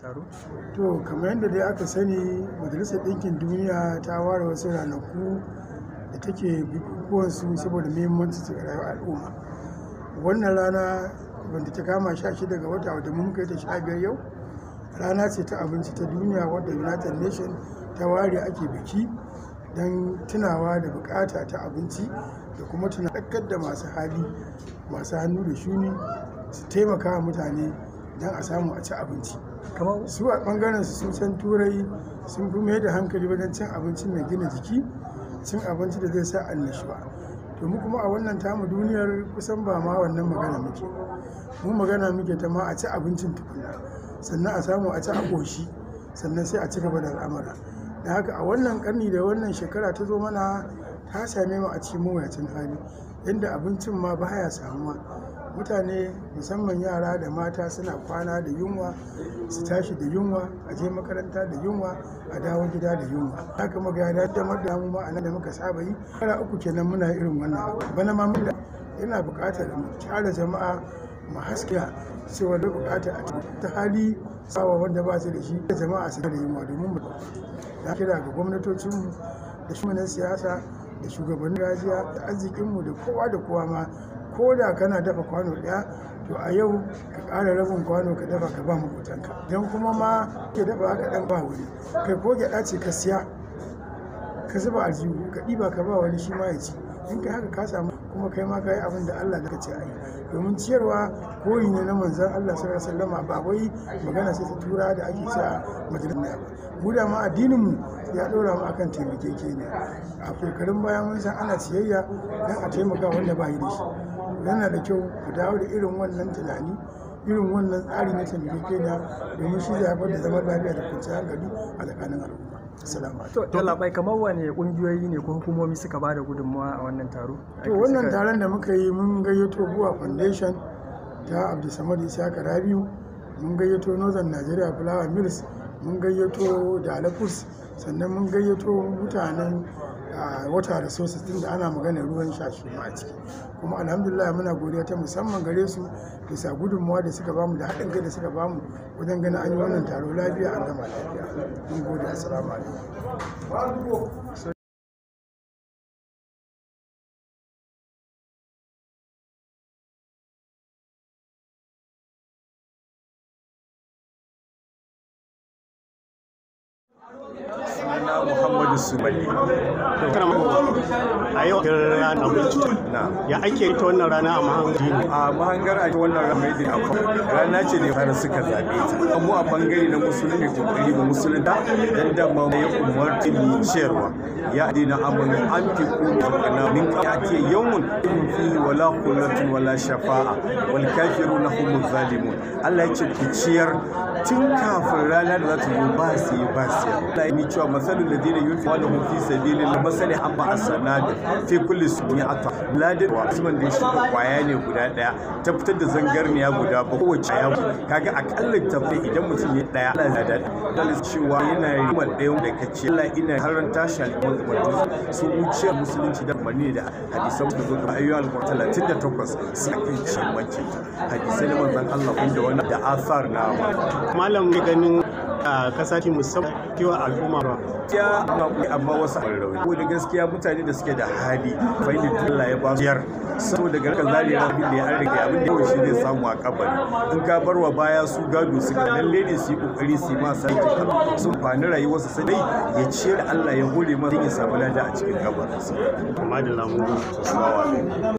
taro? To kamar yadda dai aka sani Majalisar Ɗinkin Duniya ta ware wasu ranaku da take su saboda muhimmancinsu su rayuwar al'umma. Wannan rana wanda ta kama sha shida ga wata wadda mun kai ta sha biyar yau, rana ce ta abinci ta duniya wadda United Nations ta ware ake biki don tunawa da bukata ta abinci da kuma tunakar da masu hali masu hannu da shuni su taimaka mutane. don a samu a ci abinci su a bangaren su sun turai sun fi mai da hankali wajen cin abinci mai gina jiki cin abinci da zai sa annashuwa to mu kuma a wannan tamu duniyar kusan ba ma wannan magana muke mu magana muke ta ma a ci abincin tukuna sannan a samu a ci a sannan sai a ci gaba da al'amura da haka a wannan karni da wannan shekara ta zo mana ta same mu a cikin mawuyacin hali yadda abincin ma baya samuwa mutane musamman yara da mata suna kwana da yunwa su tashi da yunwa a je makaranta da yunwa a dawo gida da yunwa haka muga ya damar da mu nan da muka saba yi kara uku kenan muna irin wannan bana ma mun yana buƙatar mu tara jama'a mu haska cewa da buƙatar a ta hali sawa wanda ba su da shi da jama'a su da yunwa domin mu da kira ga gwamnatocinmu da shugabannin siyasa da shugabannin rajiya da arzikinmu da kowa da kowa ma ko da kana dafa kwano ɗaya to a yau ka ƙara rabin kwano ka dafa ka ba makotanka don kuma ma ke dafa haka ɗan ba wani kai ko gyaɗa ce ka siya ka zuba aljihu ka ɗiba ka ba wani shi ma ya ci in kai haka ka samu kuma kai ma ka yi abin da Allah da ce a yi domin ciyarwa koyi ne na manzan Allah sallallahu alaihi wasallam ba wai magana sai ta tura da ake ce a ba mu da ma addinin mu ya ɗora mu akan ne a kokarin baya mun san ana siyayya don a taimaka wanda ba yi da shi yana da kyau ku dawo da irin wannan tunani irin wannan tsari na taimakekeniya domin shi zai haifar da zaman lafiya da kwanciyar hankali a tsakanin al'umma to talabai kamar wane kungiyoyi ne ko hukumomi suka ba da gudunmawa a wannan taro to wannan taron da muka yi mun gayyato buwa foundation ta abdulsamad isaka rabiu mun gayyato northern nigeria flower mills mun gayyato dalafus sannan mun gayyato mutanen a wata da so din da ana maganar ruwan sha shi ma a ciki kuma alhamdulillah muna godiya ta musamman gare su bisa gudunmawa da suka bamu da haɗin kai da suka bamu wajen ganin an yi wannan taro lafiya an gama lafiya mun gode assalamu alaikum sunana muhammadu suballi a yau kin rana wuce ya ake ita wannan rana a mahangar a mahangar ake wannan rana mai a rana ce ne fara suka zaɓe ta mu a bangare na musulmi kokari ba musulunta dan da ma ya umarci ni cewa ya dina amun an fi kuma na min ka ake yawmun fi wala kullatu wala shafa'a wal kafiruna hum zalimun Allah ya ce ku ciyar tun kafin rana da za ta zo ba su ba su Allah ya ni cewa مثل الذين ينفقون في سبيل الله مثل حبة السنابل في كل سنة ladin asman da ya shuka kwaya ne guda daya ta fitar da zangarniya guda ba kowace ya kaga akalla tafi idan mutum ya daya Allah da dalis cewa yana rima daya da kace Allah ina haranta shi alƙawarin wato su wuce musulunci da bani da hadisan da zuwa ayyuhal qur'an 38 sai kai shi mace hadisai na manzon Allah wanda wannan da asar a kasa ce musamman kewa al'umma ba. Ya akwai amma wasu rauni. Ko da gaskiya mutane da suke da hali da Allah ya ba su yar. da garkar zalira abin da ya an rage abin da yawan shi zai samu a kabari. In ka bar wa baya su gado su ga lalle ne su yi kokari su yi ma sarki kan sun fani rayuwarsa sai dai ya ciyar Allah ya hore masa ya samu lada a cikin kabarinsa. Amma da lamu.